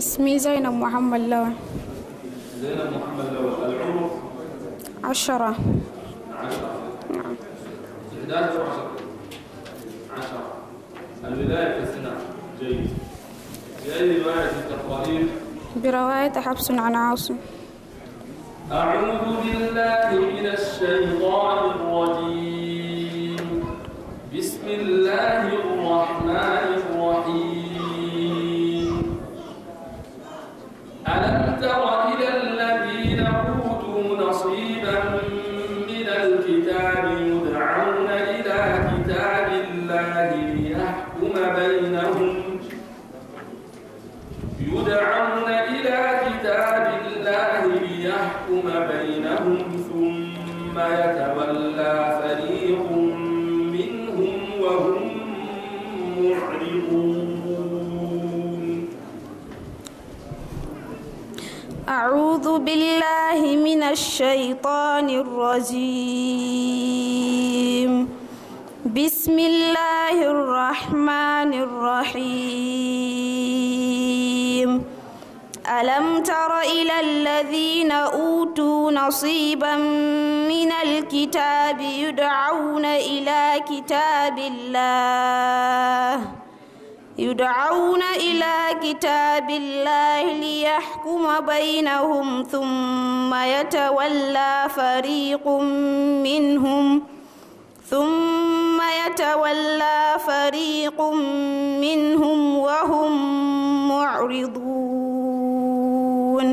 اسمي زينب محمد لوى زينب محمد لوى العمر عشرة نعم. نعم. عشرة نعم 11 و10 عشرة الولاية في السنة جيد بأي رواية التقوائم برواية حبس عن عاصم أعوذ بالله من الشيطان الرجيم بسم الله الرحمن الرحيم أعوذ بالله من الشيطان الرجيم بسم الله الرحمن الرحيم ألم تر إلى الذين أوتوا نصيبا من الكتاب يدعون إلى كتاب الله يدعون إلى كتاب الله ليحكم بينهم ثم يتولى فريق منهم ثم يتولى فريق منهم وهم معرضون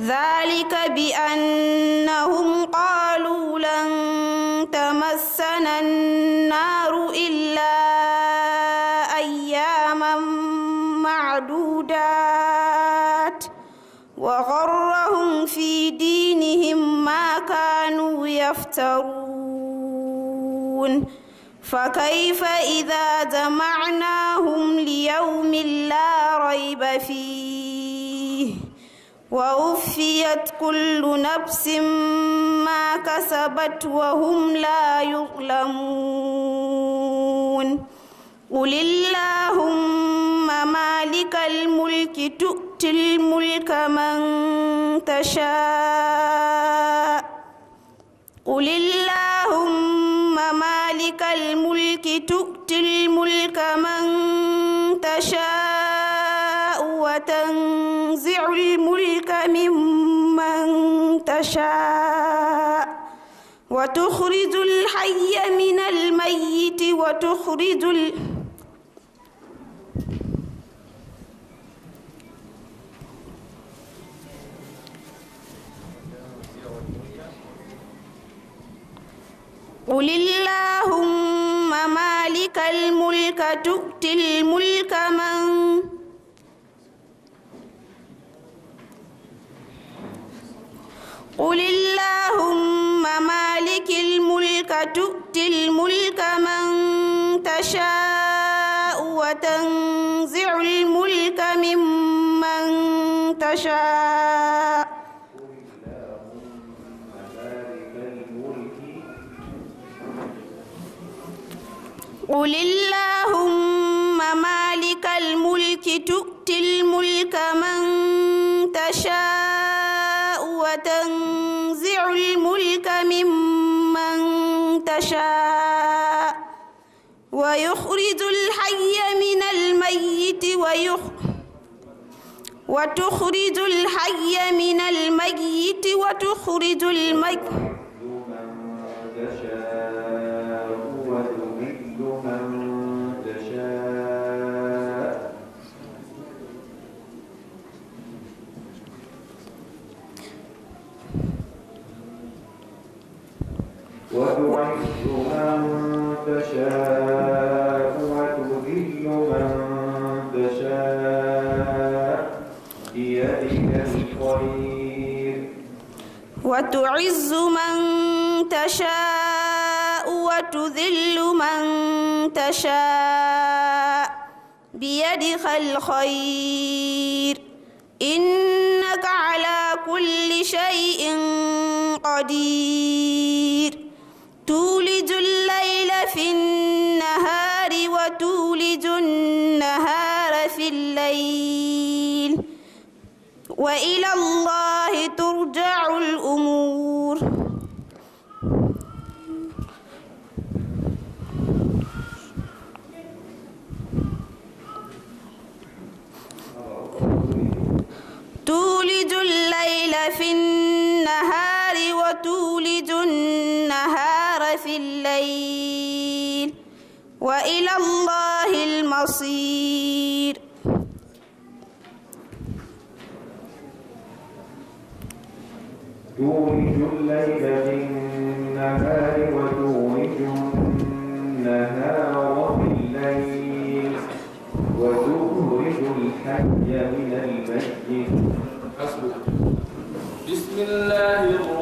ذلك بأنهم قالوا لن تمسنا يفترون فكيف إذا جمعناهم ليوم لا ريب فيه ووفيت كل نفس ما كسبت وهم لا يظلمون قل اللهم مالك الملك تؤتي الملك من تشاء قل اللهم مالك الملك تؤتي الملك من تشاء وتنزع الملك ممن تشاء وتخرج الحي من الميت وتخرج الحي تؤتي الملك من قل اللهم مالك الملك تؤتي الملك من تشاء وتنزع الملك ممن تشاء قل اللهم مالك الملك تؤتي الملك من تشاء وتنزع الملك ممن تشاء ويخرج الحي من الميت ويخرج وتخرج الحي من الميت وتخرج الميت وتعز من تشاء وتذل من تشاء بيدك الخير وتعز من تشاء وتذل من تشاء بيدك الخير إنك على كل شيء قدير وإلى الله ترجع الأمور تولج الليل في النهار وتولج النهار في الليل وإلى الله المصير تولج الليل في النهار وتولج النهار في الليل وتخرج الحي من الميت بسم الله الرحمن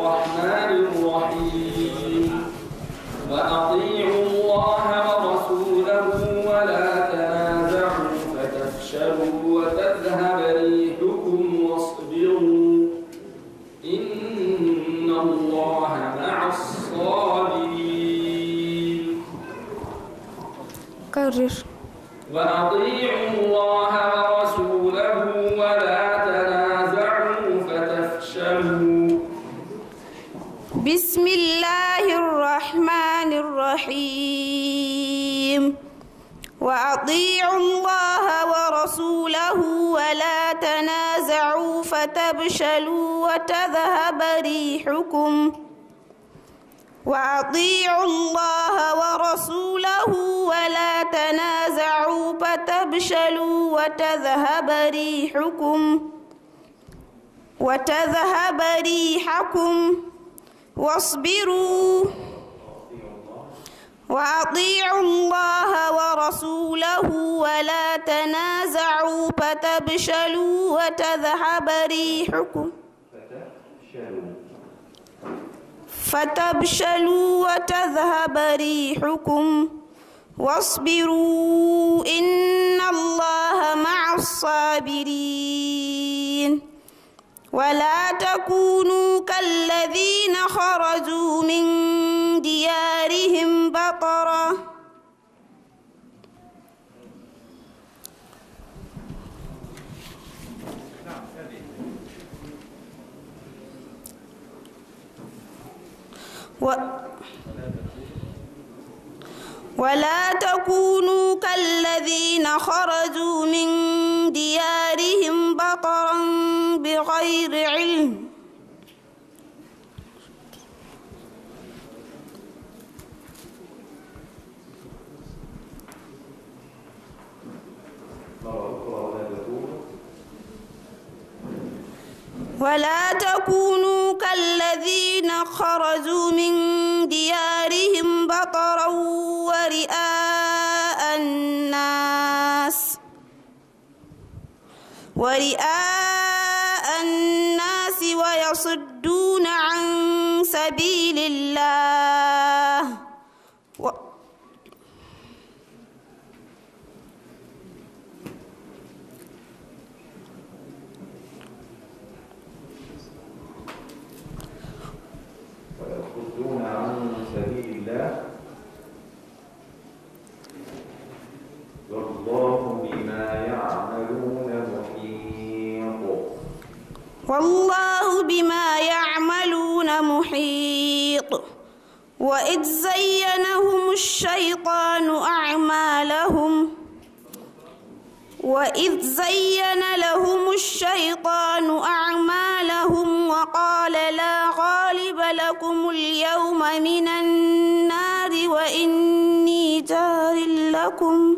بسم الله الرحمن الرحيم وأطيعوا الله ورسوله ولا تنازعوا فتبشلوا وتذهب ريحكم وأطيعوا الله ورسوله ولا تنازعوا فتبشلوا وتذهب ريحكم وتذهب ريحكم واصبروا وأطيعوا الله ورسوله ولا تنازعوا فتبشلوا وتذهب ريحكم فتبشلوا وتذهب ريحكم واصبروا إن الله مع الصابرين ولا تكونوا كالذين خرجوا من ديارهم بطرا What? ولا تكونوا كالذين خرجوا من ديارهم بطرا بغير علم ولا تكونوا كالذين خرجوا من ديارهم ورئاء الناس ويصدون عن سبيل الله وإذ زينهم الشيطان أعمالهم وإذ زين لهم الشيطان أعمالهم وقال لا غالب لكم اليوم من النار وإني جار لكم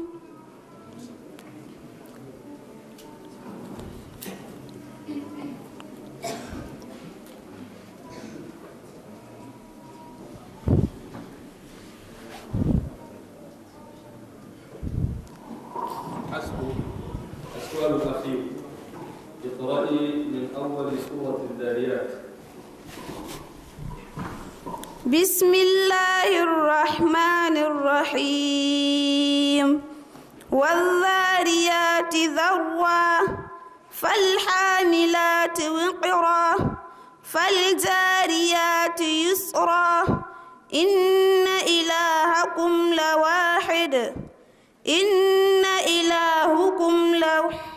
الآيات بسم الله الرحمن الرحيم والذاريات ذروا فالحاملات وقرا فالجاريات يسرا إن إلهكم لواحد إن إلهكم لواحد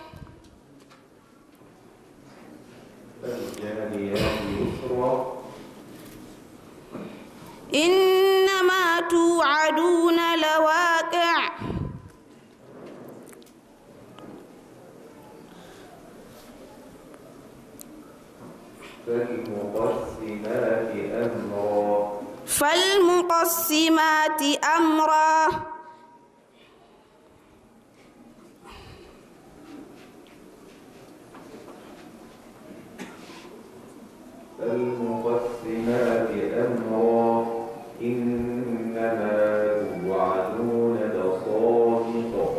إنما توعدون لواقع فالمقسمات أمرا فالمقسمات أمرا فالمقسمات أمرا إنما توعدون لصادق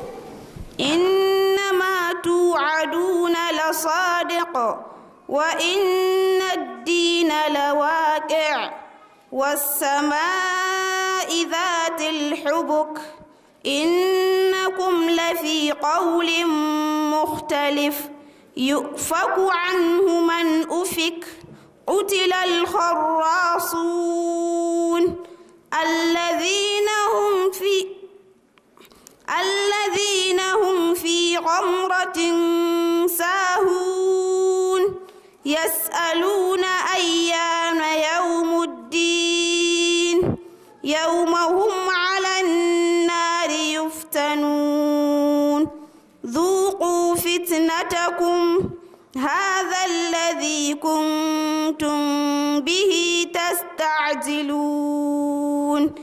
إنما توعدون لصادق وإن الدين لواقع والسماء ذات الحبك إنكم لفي قول مختلف يؤفك عنه من أفك قتل الخراصون الذين هم في الذين هم في غمرة ساهون يسألون أيام يوم الدين يوم هم على النار يفتنون ذوقوا فتنتكم هذا الذي كنتم به تستعجلون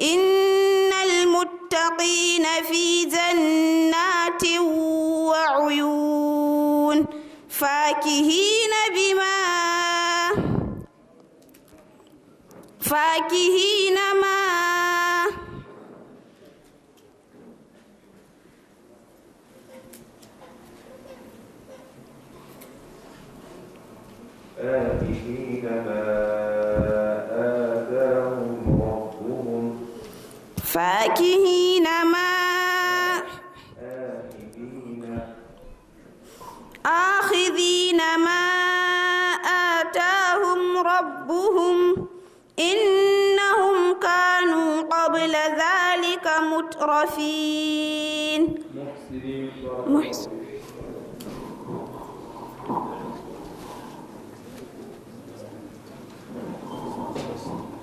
إن المتقين في جنات وعيون فاكهين بما فاكهين ما فاكهين ما آخذين ما آتاهم ربهم إنهم كانوا قبل ذلك مترفين محسنين そうですね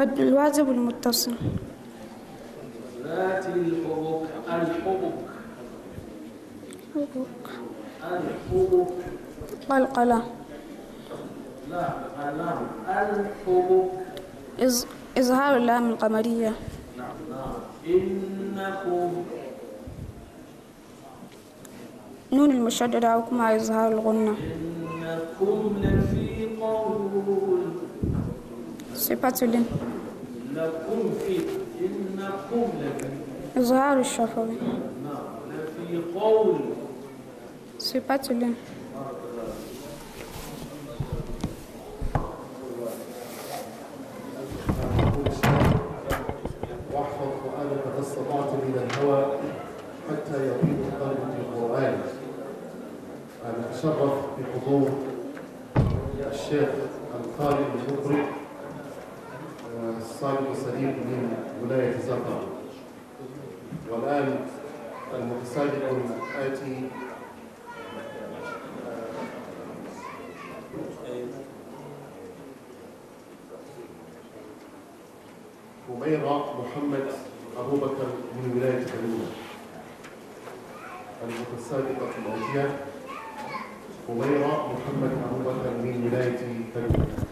قد الواجب المتصل ذات الحبك الحبك حبك الحبك قلقلة لا لا الحبك إز... إظهار اللام القمرية نعم, نعم. إنكم نون المشددة أو كما إظهار الغنة إنكم لن سي با تولين إنكم في إنكم لفي إظهار الشفوي نعم لفي قول سي با تولين واحفظ قرآنك ما استطعت من الهوى حتى يطيب قلبك القرآن أنا أتشرف بحضور الشيخ القارئ المبرئ الصالح الصديق من ولاية زرقاء والآن المتصادق الآتي أميرة محمد أبو بكر من ولاية كلمة المتسابقة الأوتية أميرة محمد أبو بكر من ولاية كلمة